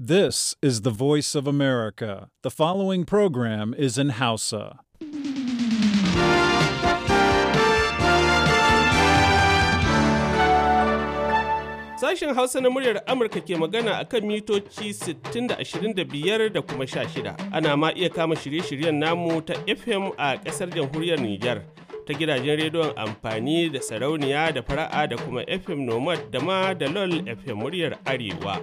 This is the voice of America. The following program is in Hausa. Sashen Hausa na muryar Amurka ke magana a kan mitoci 60-25 da kuma 16. Ana ma iya kama shirye-shiryen namu ta FM a ƙasar jamhuriyar Nijar. ta gidajen rediyon amfani da sarauniya da fara'a da kuma fm nomad da ma da lol fm muryar arewa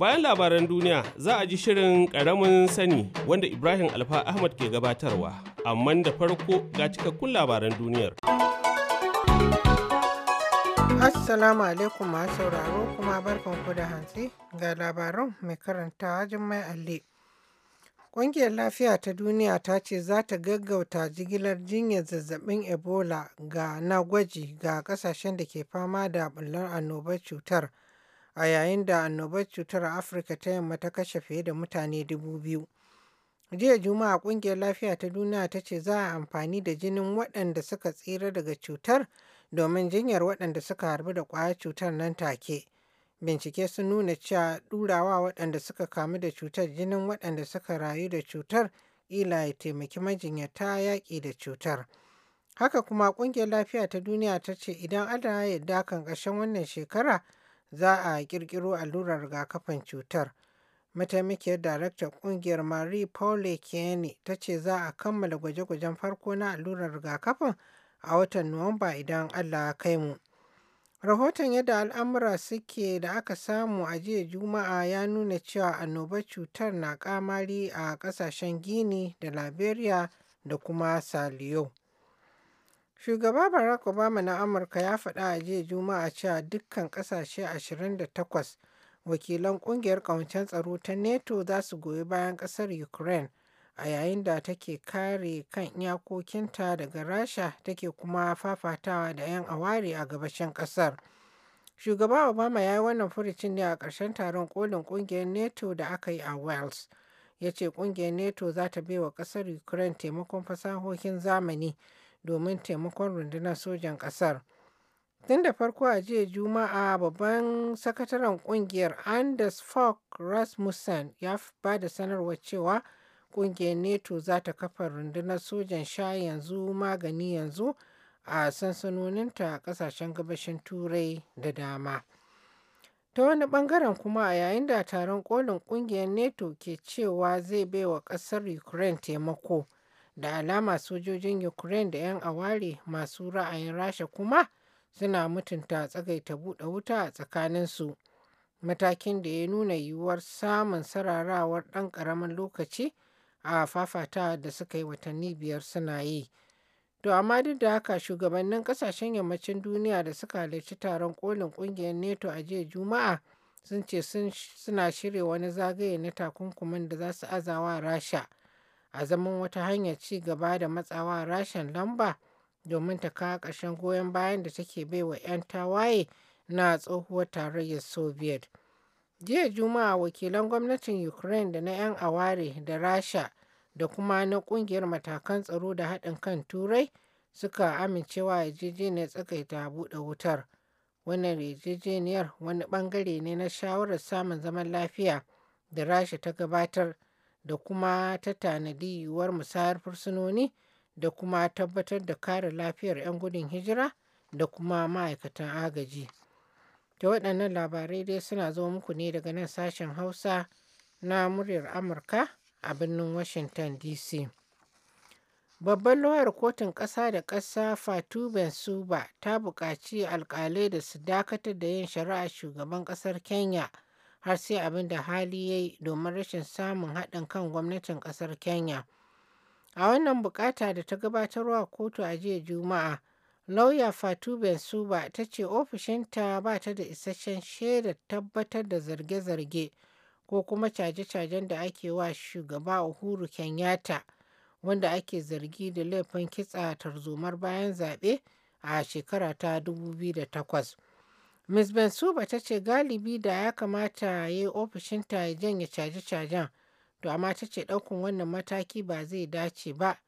Bayan labaran duniya za a ji shirin ƙaramin sani wanda Ibrahim Alfa Ahmad ke gabatarwa, amma da farko ga cikakkun labaran duniyar. Assalamu alaikum masu sauraro kuma barkanku da hantsi ga labaran mai karantawa Jummai Alli. Ƙungiyar Lafiya ta Duniya ta ce za ta gaggauta jigilar jinyar zazzabin Ebola ga na gwaji ga ƙasashen da ke fama da bullar annobar cutar a yayin da annobar cutar Afirka ta yamma ta kashe fiye da mutane dubu biyu. Jiya Juma'a ƙungiyar lafiya ta duniya ta ce za a amfani da jinin waɗanda suka tsira daga cutar domin jinyar waɗanda suka harbu da ƙwayar cutar nan take. Bincike sun nuna cewa ɗurawa waɗanda suka kamu da cutar jinin waɗanda suka rayu da cutar ila ya taimaki majinyata yaƙi da cutar. Haka kuma ƙungiyar lafiya ta duniya ta ce idan adana ya yarda kan ƙarshen wannan shekara za a ƙirƙiro allurar rigakafin cutar. Mataimakiyar daraktar ƙungiyar Marie Paule Kieni ta ce za a kammala gwaje-gwajen farko na allurar rigakafin a watan Nuwamba idan Allah ya kai mu. Rahoton yadda al'amura suke da aka samu a jiya Juma'a ya nuna cewa annobar cutar na kamari a ƙasashen Gini da Liberia da kuma Saliyo. Shugaba Barack Obama na Amurka ya faɗa a jiya Juma'a cewa dukkan ƙasashe 28 wakilan Ƙungiyar Ƙawancen Tsaro ta NATO za su goyi bayan ƙasar Ukraine a yayin da take kare kan iyakokinta daga Rasha take kuma fafatawa da 'yan aware a gabashin ƙasar. Shugaba Obama ya yi wannan furucin ne a ƙarshen taron kolin ƙungiyar NATO da aka yi a Wales. Ya ce ƙungiyar NATO za ta bai wa ƙasar Ukraine taimakon fasahohin zamani domin taimakon rundunar sojan ƙasar. Tun da farko a jiya Juma'a babban sakataren kungiyar Anders falk Rasmussen ya ba da sanarwa cewa kungiyar NATO za ta kafa rundunar sojan sha yanzu magani yanzu a sansanoninta a kasashen gabashin Turai da dama. Ta wani bangaren kuma a yayin da taron kolin kungiyar NATO ke cewa zai baiwa ƙasar Ukraine taimako. Da alama sojojin Ukraine da 'yan aware masu ra'ayin Rasha kuma suna mutunta tsagaita buɗe wuta a tsakaninsu, matakin da ya nuna yiwuwar samun sararawar ɗan ƙaramin lokaci a fafata da suka yi watanni biyar suna yi. To amma duk da haka shugabannin ƙasashen yammacin duniya da suka halarci taron kolin ƙungiyar neto a jiya Juma'a sun ce suna shirya wani zagaye na takunkumin da za su azawa Rasha a zaman wata hanyar ci gaba da matsawa rashin lamba domin ta kawo ƙarshen goyon bayan da take bai wa 'yan tawaye na tsohuwar tarayyar Soviet. Jiya Juma'a wakilan gwamnatin Ukraine da na 'yan aware da Rasha da kuma na ƙungiyar matakan tsaro da haɗin kan Turai suka amincewa yarjejeniyar tsakaita buɗe wutar. Wannan yarjejeniyar wani ɓangare ne na shawarar samun zaman lafiya da Rasha ta gabatar da kuma ta tanadi yiwuwar musayar fursunoni da kuma tabbatar da kare lafiyar 'yan gudun hijira da kuma ma'aikatan agaji. Ta waɗannan labarai dai suna zo muku ne daga nan sashen Hausa na muryar Amurka a birnin Washington DC. Babban lawyer kotun ƙasa da ƙasa Fatu Bensuba ta buƙaci alƙalai da su dakatar da yin shari'a shugaban ƙasar Kenya har sai abin da hali ya yi domin rashin samun haɗin kan gwamnatin ƙasar Kenya. A wannan bukata da ta gabatarwa kotu a jiya Juma'a, lauya Fatu Bensuba ta ce ofishinta ba ta da isasshen shaidar tabbatar da zarge-zarge ko kuma caje-cajen da ake wa shugaba Uhuru Kenyatta wanda ake zargi da laifin kitsa tarzomar bayan zaɓe a shekara ta 2008. Ms. bensuba ta ce galibi da ya kamata ya yi ofishinta ya janye caje-cajen, to amma ta ce ɗaukan wannan mataki ba zai dace ba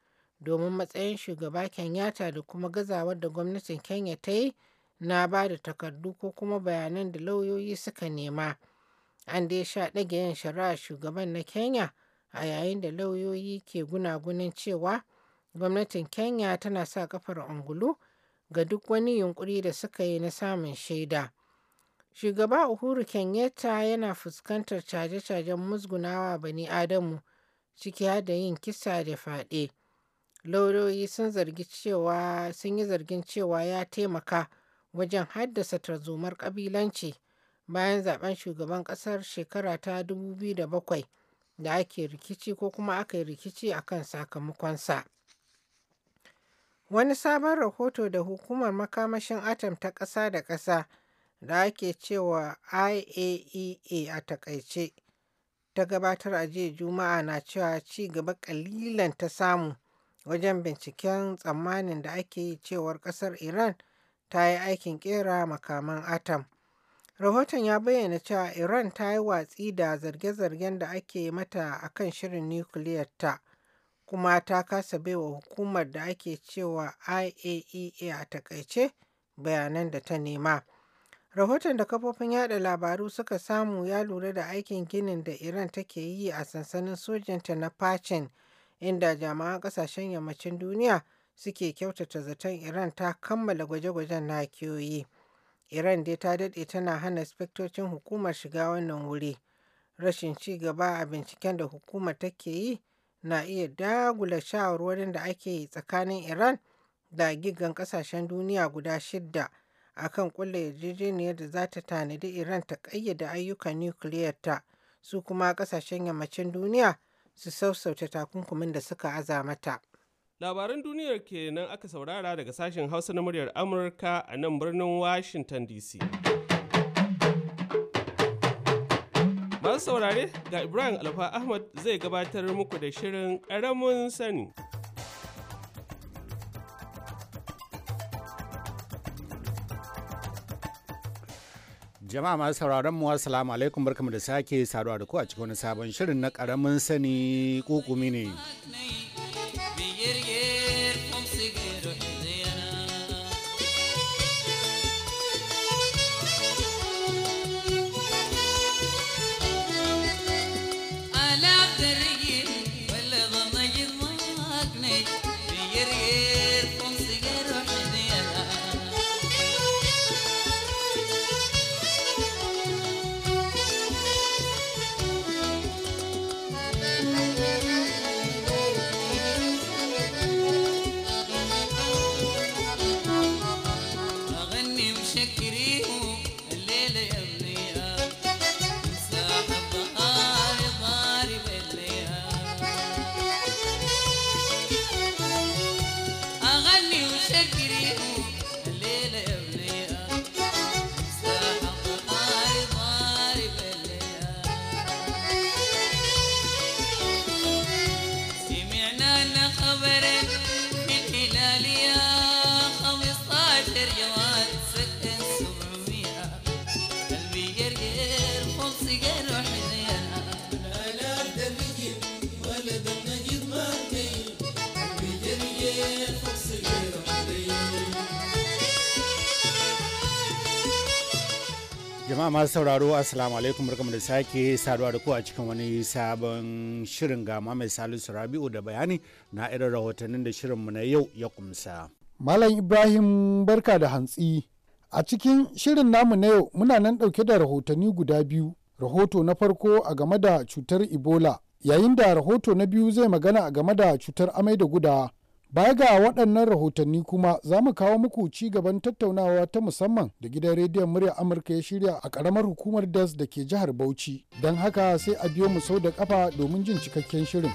domin matsayin Shugaba Kenyatta da kuma gazawar da gwamnatin Kenya ta yi na ba da takardu ko kuma bayanan da lauyoyi suka nema. An dai sha ɗage yin shari'a shugaban na Kenya a yayin da lauyoyi ke gunagunin cewa gwamnatin Kenya tana sa kafar ungulu ga duk wani yunƙuri da suka yi na samun shaida. Shugaba Uhuru Kenyatta yana fuskantar caje-cajen musgunawa bani Adamu ciki har da yin kisa da fyaɗe. Lauyoyi sun zargi cewa sun yi zargin cewa ya taimaka wajen haddasa tarzomar ƙabilanci bayan zaben shugaban ƙasar shekara ta 2007 da ake rikici ko kuma aka yi rikici akan sakamakonsa. Wani sabon rahoto da Hukumar Makamashin Atom ta ƙasa da ƙasa da ake cewa IAEA a e takaice ta gabatar a jiya Juma'a na cewa ci gaba ƙalilan ta samu wajen binciken tsammanin da ake yi cewar ƙasar Iran ta yi aikin ƙera makaman atom. Rahoton ya bayyana cewa Iran ta yi watsi da zarge-zargen da ake mata akan shirin nukiliyarta. ta. kuma ta kasa baiwa hukumar da ake cewa IAEA a e takaice bayanan da ta nema. Rahoton da kafofin yada labaru suka samu ya lura da aikin ginin da Iran take yi a sansanin sojanta na pacin inda jama'an kasashen yammacin duniya suke kyautata zaton Iran ta kammala gwaje-gwajen nakiyoyi. Iran dai ta daɗe tana hana spektocin hukumar shiga wannan wuri. Rashin ci gaba a binciken da hukumar take yi na iya dagula shawarwarin da ake yi tsakanin Iran da giggan ƙasashen duniya guda shidda a kan ƙulla yarjejeniyar da za ta tanadi Iran ta ƙayyada ayyukan nukiliyarta su kuma ƙasashen yammacin duniya su sassauta takunkumin da suka aza mata. Labaran duniyar kenan aka saurara daga sashen Hausa na muryar Amurka a nan birnin Washington DC. Masu saurare ga Ibrahim Alfa Ahmad zai gabatar muku da shirin karamin sani. Jama'a masu sauraron mu assalamu alaikum barkamu da sake saduwa da ku a cikin wani sabon shirin na karamin sani kukumi ne. masu sauraro assalamu alaikum barkamu da sake saduwa da ku a cikin wani sabon shirin gama mai salisu rabi'u da bayani na irin rahotannin da shirinmu na yau ya kumsa. Malam Ibrahim barka da hantsi. A cikin shirin namu na yau muna nan ɗauke da rahotanni guda biyu. Rahoto na farko a game da cutar Ebola, yayin da rahoto na biyu zai magana a game da cutar amai da gudawa. Baya ga waɗannan rahotanni kuma za mu kawo muku ci gaban tattaunawa ta musamman da gidan rediyon murya Amurka ya shirya a ƙaramar hukumar DAS da ke jihar Bauchi. Don haka sai a biyo mu sau da ƙafa domin jin cikakken shirin.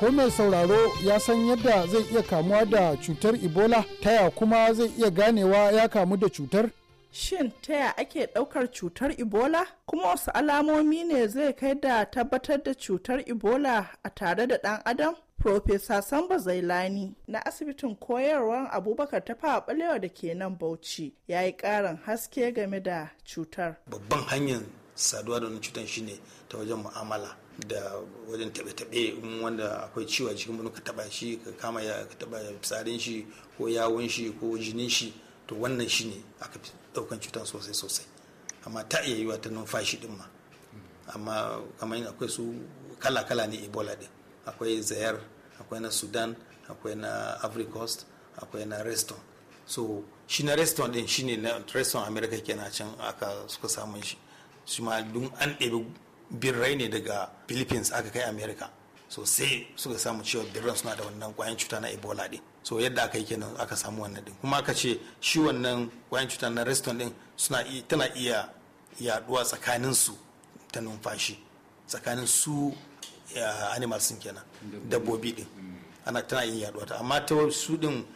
ko mai sauraro ya san yadda zai iya kamuwa da cutar ebola taya kuma zai iya ganewa ya kamu da cutar shin taya ake daukar cutar ebola kuma wasu alamomi ne zai kai da tabbatar da cutar ebola a tare da dan adam Profesa Samba Zailani na asibitin koyarwar Abubakar ta Balewa da ke nan Bauchi ya yi ƙarin haske game da cutar. Babban hanyar saduwa da wani cutar shine ta wajen mu'amala. da wajen taɓe-taɓe wanda akwai ciwo cikin wani ka taɓa shi ka kama ya ka taɓa fitsarin shi ko yawon shi ko jinin shi to wannan shi ne aka fi ɗaukan cutar sosai sosai amma ta iya yiwa ta numfashi din ma amma kamar yin akwai su kala-kala ne ebola din akwai zayar akwai na sudan akwai na ivory akwai na reston so shi na reston din ne na reston america kenan can aka suka samun shi shi ma dun an ɗebi birrai ne daga philippines aka kai america so sai suka samu cewa birran suna da wannan kwayan cuta na ebola din so yadda aka yi kenan aka samu wannan din kuma aka ce shi wannan kwayan cuta na reston din suna tana iya yaduwa tsakanin su ta numfashi tsakanin su animal sun kenan dabbobi din ana tana yin yaduwa ta amma ta su din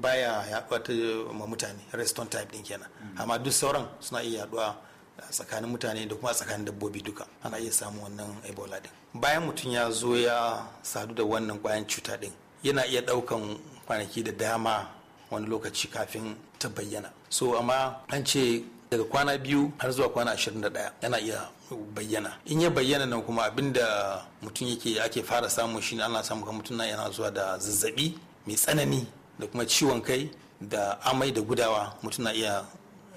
baya yaduwa ta mutane reston type din kenan amma duk sauran suna iya yaduwa tsakanin mutane da kuma tsakanin dabbobi duka ana iya samun wannan ebola din bayan mutum ya zo ya sadu da wannan kwayan cuta din yana iya daukan kwanaki da dama wani lokaci kafin ta bayyana so amma an ce daga kwana biyu har zuwa kwana ashirin da 21 yana iya bayyana in ya bayyana nan kuma abinda mutum yake ake fara samun shine ana samu kan mutum yana zuwa da zazzabi mai tsanani da kuma ciwon kai da amai da gudawa mutum na iya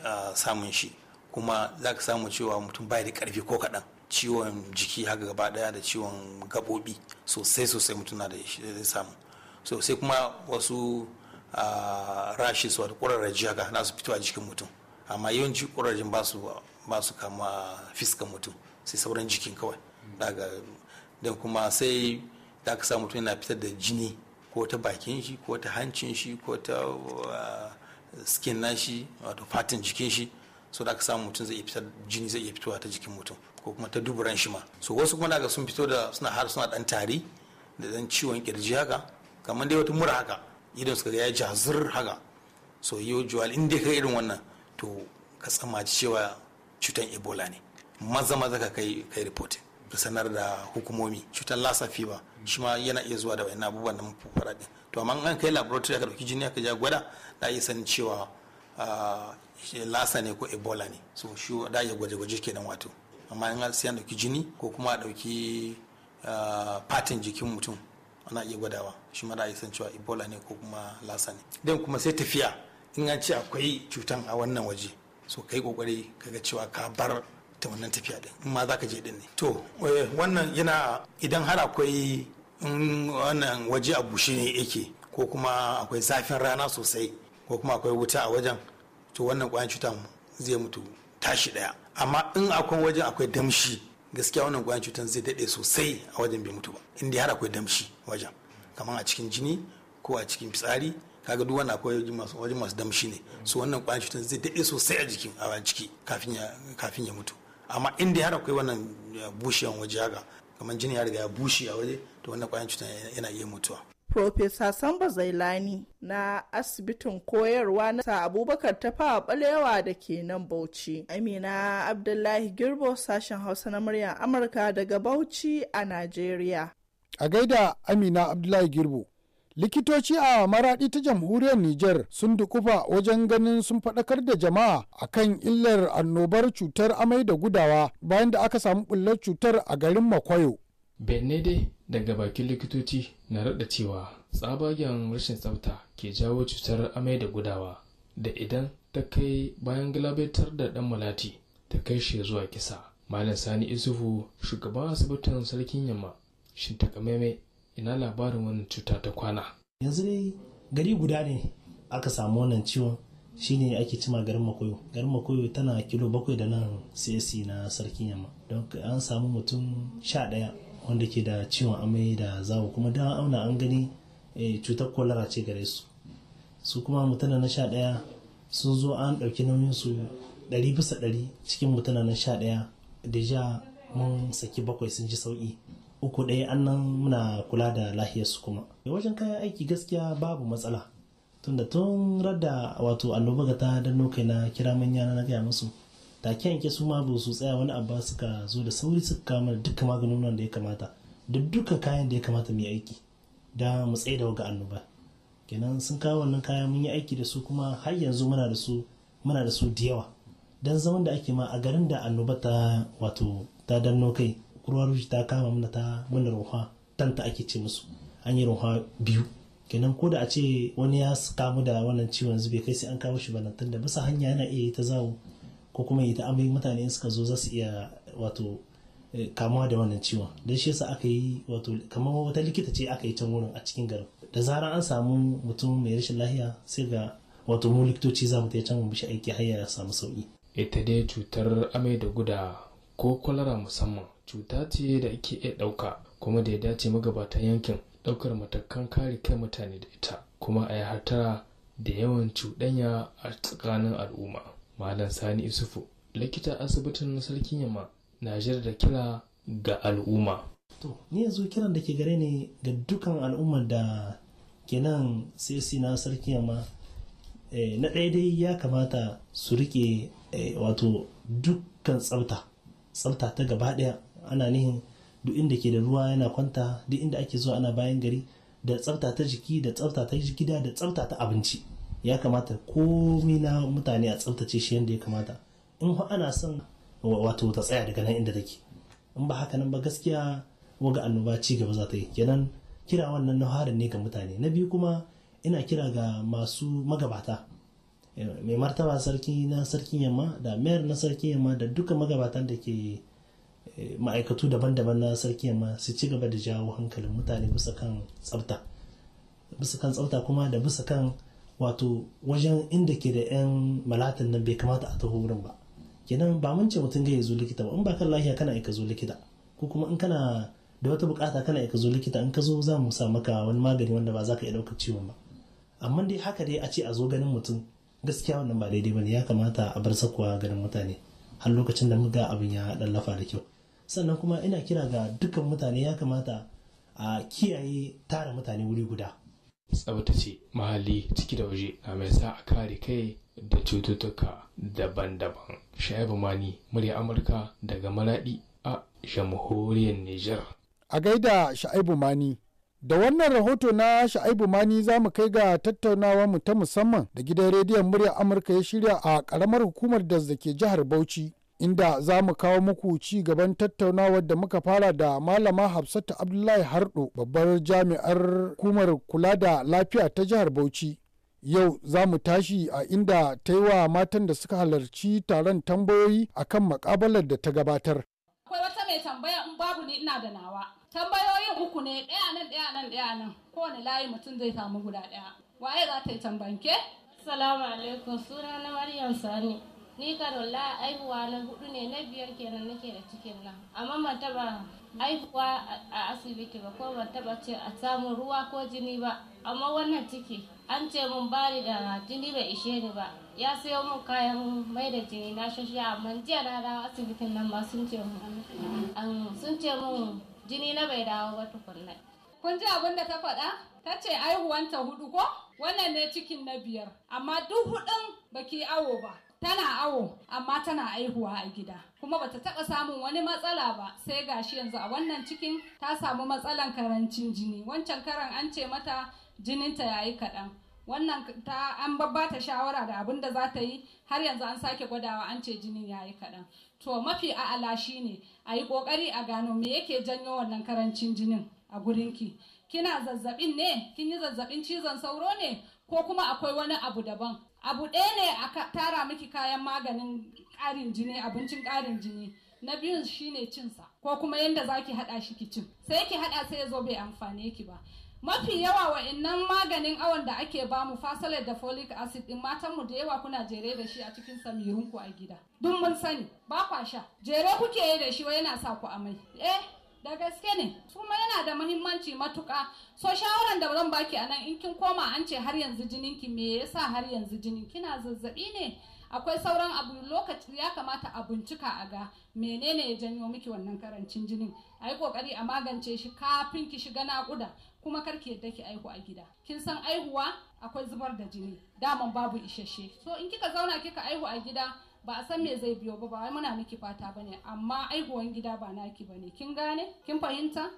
ah, samun shi kuma za ka samu cewa mutum bai da karfi ko kaɗan ciwon jiki haka gaba ɗaya da ciwon gaɓoɓi sosai sosai mutum na da zai samu sosai kuma wasu rashes wata ƙurarraji haka na su fito a jikin mutum amma yawanci ƙurarrajin ba su kama fiskan mutum sai sauran jikin kawai daga don kuma sai da ka samu mutum yana fitar da jini ko ta bakin shi ko ta hancin shi ko ta skin na shi wato fatin jikin shi so da aka samu mutum zai iya fitar jini zai iya fitowa ta jikin mutum ko kuma ta duburan shi ma so wasu kuma daga sun fito da suna har suna dan tari da dan ciwon kirji haka kamar dai wata mura haka idan suka ga ya jazir haka so yo jual inda kai irin wannan to ka tsamaci cewa cutan ebola ne maza maza ka kai kai reporting ka sanar da hukumomi cutar lassa fever shi ma yana iya zuwa da wani abubuwan da mun din to amma an kai laboratory aka dauki jini aka ja gwada da iya sanin cewa ah, lasa ne ko ebola ne so shi da ya gwaje-gwaje nan wato amma in sai an dauki jini ko kuma a dauki ah, fatin jikin mutum ana iya gwadawa shi ma da ya san cewa ebola ne ko kuma lasa ne dan kuma sai tafiya in an ce akwai cutan a wannan waje so kai kokari kaga cewa ka bar ta wannan tafiya din in ma zaka je din ne to eh, wannan yana idan har akwai in wannan waje a bushe ne yake ko kuma akwai zafin rana sosai ko kuma akwai wuta a wajen to wannan kwayan cutan zai mutu tashi daya amma in akwai wajen akwai damshi gaskiya wannan kwayan cutan zai dade sosai a wajen bai mutu ba inda har akwai damshi wajen kamar a cikin jini ko a cikin fitsari kaga duk wannan akwai wajen masu damshi ne so wannan kwayan cutan zai dade sosai a jikin a ciki kafin ya kafin ya mutu amma inda har akwai wannan bushewan waje haka kamar jini ya riga ya bushe a waje to wannan kwayan cutan yana iya mutuwa Profesa Samba Zailani na asibitin koyarwa na sa Abubakar ta fawa balewa da ke nan Bauchi. Amina Abdullahi Girbo sashen Hausa na muryar Amurka daga Bauchi a Najeriya. A gaida Amina Abdullahi Girbo. Likitoci a maraɗi ta jamhuriyar Nijar sun dukufa wajen ganin sun faɗakar da jama'a a kan illar annobar cutar amai da gudawa bayan da aka samu ɓullar cutar a garin Makwayo. benede daga bakin likitoci na rada cewa tsabagen rashin tsafta ke jawo cutar amai da gudawa da idan ta kai bayan galabaitar da dan malati ta kai shi zuwa kisa malam sani isufu shugaban asibitin sarkin yamma shin takamaimai ina labarin wannan cuta ta kwana yanzu dai gari guda ne aka samu wannan ciwon shine ake cima garin makoyo garin makoyo tana kilo bakwai da nan csc na sarkin yamma don an samu mutum sha ɗaya wanda ke da ciwon amai da zawo kuma da auna an gani eh, cutar kwalara ce gare su su kuma mutane na sha ɗaya sun zo an ɗauki nauyin su ɗari bisa ɗari cikin mutane na sha ɗaya ja mun saki bakwai sun ji sauƙi uku ɗaya an nan muna kula da lahiyar su kuma wajen kayan aiki gaskiya babu matsala tunda tun radda wato annoba ga ta danno kai na kira manya na gaya musu take yanke su ma ba su tsaya wani abu suka zo da sauri suka kama da duka maganin da ya kamata duk duka kayan da ya kamata mu yi aiki da mu tsaye da waga annoba kenan sun kawo wannan kayan mun yi aiki da su kuma har yanzu muna da su muna da su da yawa dan zaman da ake ma a garin da annoba ta wato ta danno kai ruwa ruji ta kama mana ta mana ruwa tanta ake ce musu an yi ruwa biyu kenan ko da a ce wani ya kamu da wannan ciwon zube kai sai an kawo shi balantan da bisa hanya yana iya yi ta zawo ko kuma yi ta amai mutane suka zo za su iya wato eh, kamuwa da wannan ciwon don shi yasa aka yi wato kamar wata likita ce aka yi can wurin a cikin garin da zarar an samu mutum mai rashin lahiya sai ga wato mu likitoci za mu ta can mu shi aiki har ya samu sauki ita dai cutar amai da guda ko kwalara musamman cuta ce da ake iya ɗauka kuma da ya dace magabatan yankin ɗaukar matakan kare kai mutane da ita kuma a yi hatara da yawan cuɗanya a tsakanin al'umma malam sani isufu likita asibitin sarkin yamma na da kira ga al'umma to ni yanzu kiran da ke gare ni ga dukan al'ummar da ke nan sai na sarkin yamma eh, na ɗaya dai ya kamata su rike eh, wato dukkan tsafta tsafta ta gaba ɗaya ana nihin duk inda ke da ruwa yana kwanta duk inda ake zuwa ana bayan gari da tsafta ta jiki da tsafta ta gida da tsafta ta abinci ya kamata komi na mutane a tsaftace shi yadda ya kamata in ana son wato ta tsaya daga nan inda take in ba haka nan ba gaskiya waga annoba ci gaba za ta yi kenan kira wannan na harin ne ga mutane na biyu kuma ina kira ga masu magabata eh, mai martaba sarki na sarkin yamma da mayar na sarkin yamma da duka magabatan da ke eh, ma'aikatu daban-daban na sarkin yamma su ci gaba da jawo hankalin mutane bisa kan tsafta bisa kan tsafta kuma da bisa kan wato wajen inda ke da 'yan malatan nan bai kamata a taho wurin ba kenan ba mun ce mutum ga yazo likita ba in ba kan lafiya kana aika zo likita ko kuma in kana da wata bukata kana aika zo likita in ka zo za mu sa maka wani magani wanda ba za ka iya daukar ciwon ba amma dai haka dai a ce a zo ganin mutum gaskiya wannan ba daidai bane ya kamata a bar sakuwa ganin mutane har lokacin da muga abin ya lallafa da kyau sannan kuma ina kira ga dukkan mutane ya kamata a kiyaye tara mutane wuri guda tsabtace mahalli ciki da waje na mai sa a kare kai da cututtuka daban-daban. Shaibu Mani, murya Amurka daga Maraɗi a jamhuriyar Nijar. A gaida Shaibu Mani, da wannan rahoto na Shaibu Mani za mu kai ga tattaunawa mu ta musamman da gidan rediyon murya Amurka ya shirya a ƙaramar hukumar da ke jihar Bauchi. inda za mu kawo muku ci gaban tattaunawar da muka fara da malama hafsatu abdullahi hardo babbar jami'ar hukumar kula da lafiya ta jihar bauchi yau za mu tashi a inda ta yi wa matan da suka halarci taron tambayoyi akan makabalar da ta gabatar akwai wata mai tambaya in babu ni ina da nawa tambayoyin uku ne ɗaya nan ɗaya nan ɗaya nan kowane layi mutum zai samu guda ɗaya waye za ta yi tambanke salamu alaikum suna na maryam sani ni la aihuwa na hudu ne na biyar kenan nake da cikin nan amma ban aihuwa a asibiti ba ko ban ce a samu ruwa ko jini ba amma wannan ciki an ce mun bari da jini bai ishe ni ba ya sayo mun kayan mai da jini na shashi amma jiya na dawo asibitin nan ma sun ce mun sun ce mun jini na bai dawo ba tukunna kun ji abin da ta faɗa ta ce aihuwanta hudu ko wannan ne cikin na biyar amma duk hudun baki awo ba tana awo amma tana aihuwa a gida kuma bata taba samun wani matsala ba sai gashi yanzu a wannan cikin ta samu matsalan karancin jini wancan karan an ce mata jininta yayi kaɗan wannan ta an babbata shawara da abin da za ta yi har yanzu an sake gwadawa an ce jinin ya yi kaɗan to mafi a'ala shine a yi ƙoƙari a gano me yake janyo wannan karancin jinin a gurinki kina zazzabin ne kin yi zazzabin cizon sauro ne ko kuma akwai wani abu daban abu ɗaya ne a tara miki kayan maganin ƙarin jini abincin ƙarin jini na biyun shine cinsa ko kuma yadda za ki haɗa shi ki cin sai ki haɗa sai ya zo bai amfane ki ba mafi yawa innan maganin awon da ake bamu fasalar da folic acid din matan mu da yawa kuna jere da shi a cikin samirinku a gida duk mun sani ba kwa sha jere kuke yi da shi wa yana sa ku amai eh da gaske ne kuma yana da muhimmanci matuka so shawaran da zan baki a nan in kin koma an ce har yanzu jininki me yasa har yanzu jinin kina zazzabi ne akwai sauran abu lokaci ya kamata a bincika a ga menene ya janyo miki wannan karancin jinin a yi kokari a magance shi kafin ki shiga naƙuda kuma kar ki yadda ki aihu a gida kin san aihuwa akwai zubar da jini daman babu isasshe so in kika zauna kika aihu a gida ba a san me zai biyo ba ba wai muna miki fata bane amma aihuwan gida ba naki bane kin gane kin fahimta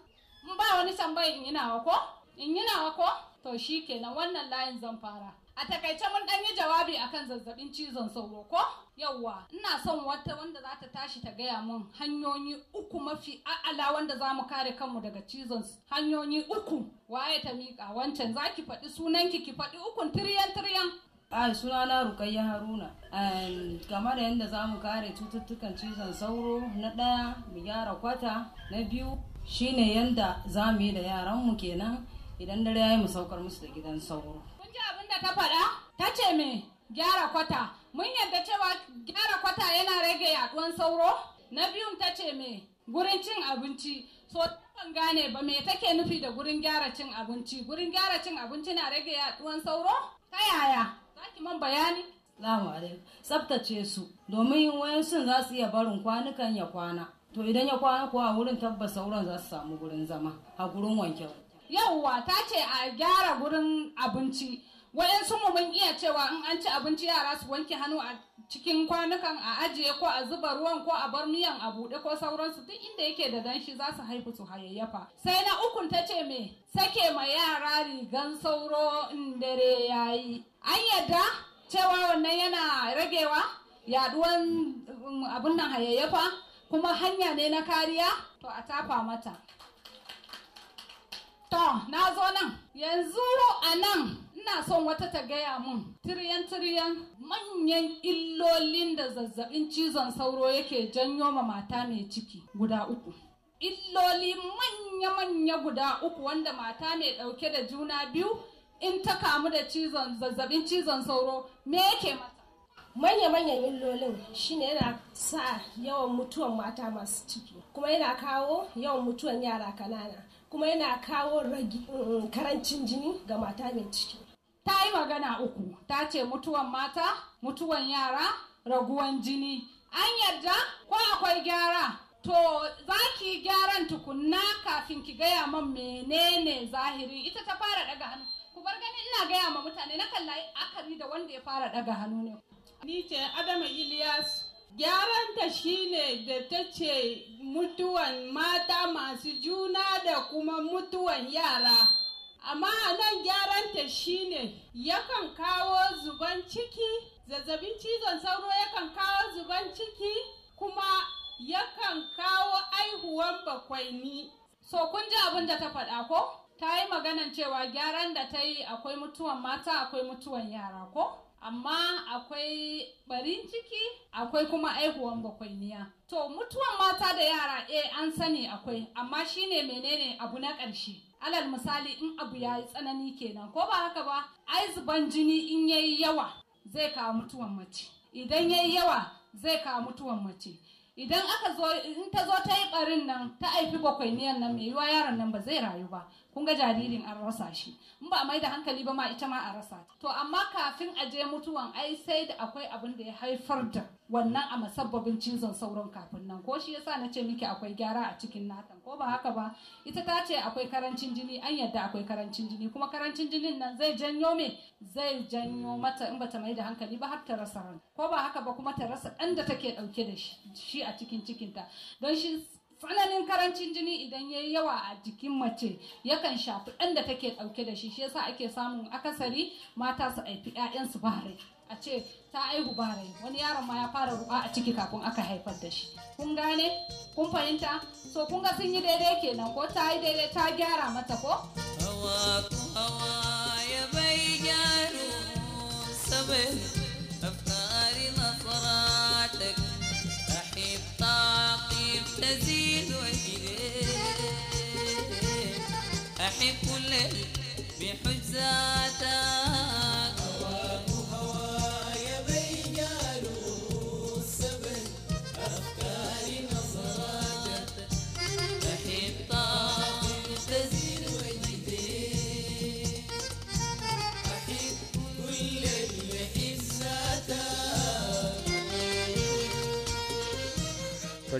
in ba wani tambayi in yi nawa ko in yi nawa ko to shikenan wannan layin zan fara a takaice mun dan yi jawabi akan zazzabin cizon sauro ko yauwa ina son wata wanda za ta tashi ta gaya mun hanyoyi uku mafi a'ala wanda za mu kare kanmu daga cizon hanyoyi uku waye ta miƙa wancan za ki faɗi sunanki ki faɗi ukun tiriyan tiriyan suna na rukayya haruna game da yadda za mu kare cututtukan cizon sauro na ɗaya mu gyara kwata na biyu shine yadda za mu yi da yaranmu kenan idan dare ya yi mu saukar musu da gidan sauro kun ji abin da ta faɗa ta ce me gyara kwata mun yadda cewa gyara kwata yana rage yaduwan sauro na biyu ta ce me gurin cin abinci so ban gane ba me take nufi da gurin gyara cin abinci gurin gyara cin abinci na rage yaduwan sauro ta yaya Zaki man bayani? Salamu alaikum. Tsaftace su domin sun za su iya barin kwanukan ya kwana. To idan ya kwana kuwa a wurin tabbas sauran za su samu gurin zama a gurin wanke. Yauwa ta ce a gyara gurin abinci waɗansu mu mun iya cewa in an ci abinci yara su wanke hannu a cikin kwanukan a ajiye ko a zuba ruwan ko a bar miyan a buɗe ko sauransu duk inda yake da danshi za su haifu su hayayyafa sai na ukun ta ce me sake ma yara rigan sauro in dare yayi an yadda cewa wannan yana ragewa yaduwan um, abin nan hayayyafa kuma hanya ne na kariya to a tafa mata to na zo nan yanzu a nan ina son wata ta gaya mun tiriyan tiriyan manyan illolin da zazzabin cizon sauro yake janyo ma mata mai ciki guda uku illoli manya-manya guda uku wanda mata mai dauke da juna biyu in ta kamu da cizon zazzabin cizon sauro me yake mata manya-manyan illolin shine yana sa yawan mutuwan mata masu ciki kuma yana kawo yawan mutuwan yara kanana kuma yana kawo mm, karancin jini ga mata mai ciki ta yi magana uku ta ce mutuwan mata mutuwan yara raguwan jini an yarda ko akwai gyara to za ki gyaran tukunna kafin ki gaya man menene zahiri ita ta fara daga hannu ku bar gani ina gaya ma mutane na kalla akari da wanda ya fara daga hannu ne ni ce adama ilyas Gyaranta ta shine da ta ce mutuwan mata masu juna da kuma mutuwan yara amma a nan gyaranta shine yakan kawo zuban ciki zazzabin cizon sauro yakan kawo zuban ciki kuma yakan kawo aihuwan bakwaini so kun ji abin da ta faɗa ko ta yi maganan cewa gyaran da ta yi akwai mutuwan mata akwai mutuwan yara ko amma akwai barin ciki akwai kuma aihuwan bakwainiya to mutuwan mata da yara eh an sani akwai amma shine menene abu na ƙarshe alal misali in abu ya yi tsanani kenan ko ba haka ba ai zuban jini in ya yi yawa zai kawo mutuwan mace idan ya yi yawa zai kawo mutuwan mace idan aka zo in ta zo ta yi barin nan ta haifi bakwai niyan nan mai yiwa yaron nan ba zai rayu ba kun ga jaririn an rasa shi in ba a mai da hankali ba ma ita ma a rasa to amma kafin a je mutuwan ai sai da akwai abin da ya haifar da wannan a musabbabin cizon sauron kafin nan ko shi yasa na ce miki akwai gyara a cikin natan ko ba haka ba ita ta ce akwai karancin jini an yadda akwai karancin jini kuma karancin jinin nan zai janyo me zai janyo mata in bata mai da hankali ba har ta rasa ran ko ba haka ba kuma ta rasa ɗan da take ɗauke da shi a cikin cikinta don shi tsananin karancin jini idan ya yi yawa a jikin mace yakan shafi ɗan take ɗauke da shi shi yasa ake samun akasari mata su haifi 'ya'yansu ba rai a ce ta aihu ba rai wani yaron ma ya fara ruwa a ciki kafin aka haifar da shi kun gane kun fahimta so kun ga sun yi daidai kenan ko ta yi daidai ta gyara mata ko hawa hawa ya bai بحجزاته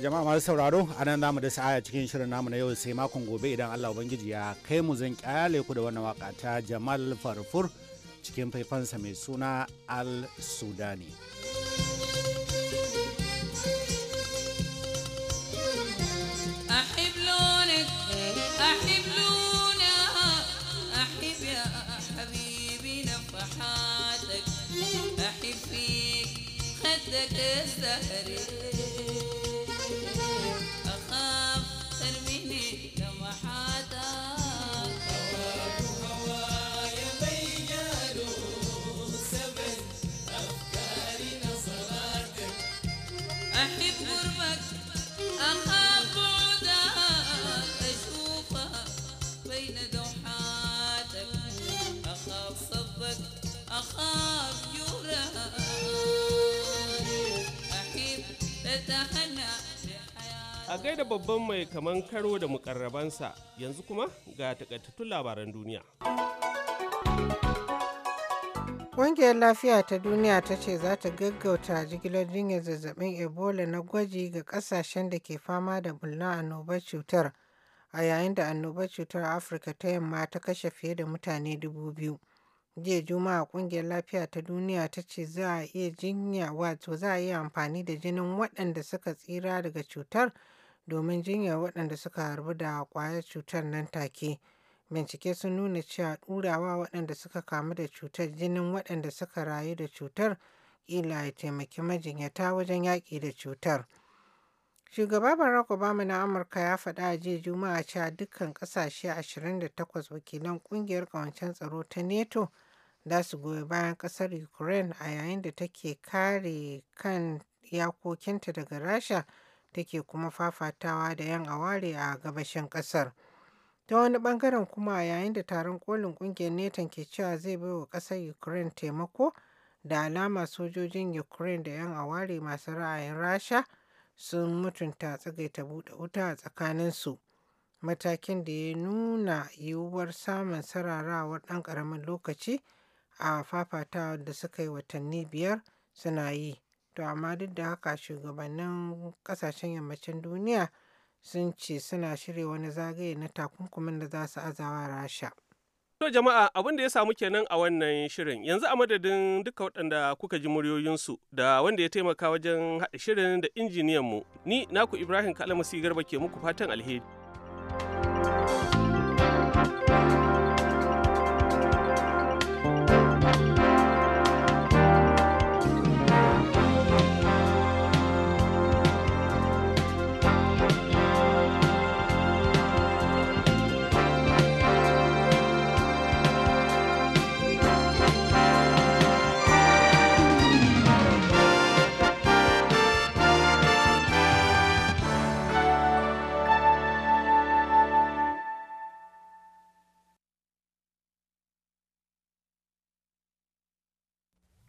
jama'a masu sauraro a nan zamu da sa'a cikin shirin namu na yau sai makon gobe idan Allah ubangiji ya kai mu zan kyale ku da wannan waka ta Jamal Farfur cikin faifansa mai suna Al Sudani. أحب فيك خدك السهري A gaida babban mai kaman karo da mukarrabansa yanzu kuma ga takaitattun labaran duniya. Ƙungiyar lafiya ta duniya ta ce za ta gaggauta jigilar jinyar zazzabin Ebola na gwaji ga ƙasashen da ke fama da bulla annobar cutar a yayin da annobar cutar Afirka ta yamma ta kashe fiye da mutane dubu biyu. jiya juma'a kungiyar lafiya ta duniya ta ce za a iya jinya wato za a iya amfani da jinin waɗanda suka tsira daga cutar domin jinyar waɗanda suka harbu da ƙwayar cutar nan take bincike sun nuna cewa ɗurawa waɗanda suka kamu da cutar jinin waɗanda suka rayu da cutar ƙila ya taimaki majinyata wajen yaƙi da cutar shugaba barack obama na amurka ya faɗa a jiya juma'a cewa dukkan ƙasashe 28 wakilan ƙungiyar ƙawancen tsaro ta neto za su goyi bayan kasar Ukraine a yayin da take kare kan yakokinta daga Rasha take kuma fafatawa da 'yan aware a gabashin ƙasar. Ta wani ɓangaren kuma a yayin da taron kolin ƙungiyar netan ke cewa zai bai wa ƙasar Ukraine taimako da alama sojojin Ukraine da 'yan aware masu ra'ayin Rasha sun mutunta tsagaita buɗe wuta a tsakaninsu. Matakin da ya nuna yiwuwar samun sararawar ɗan ƙaramin lokaci a fafata da suka yi watanni biyar suna yi. To amma duk da haka shugabannin kasashen yammacin duniya sun ce suna shirya wani zagaye na takunkumin da za su azawa Rasha. To jama'a abin da ya samu kenan a wannan shirin yanzu a madadin duka waɗanda kuka ji muryoyinsu da wanda ya taimaka wajen haɗa shirin da injiniyanmu ni naku Ibrahim Kalamasi Garba ke muku fatan alheri.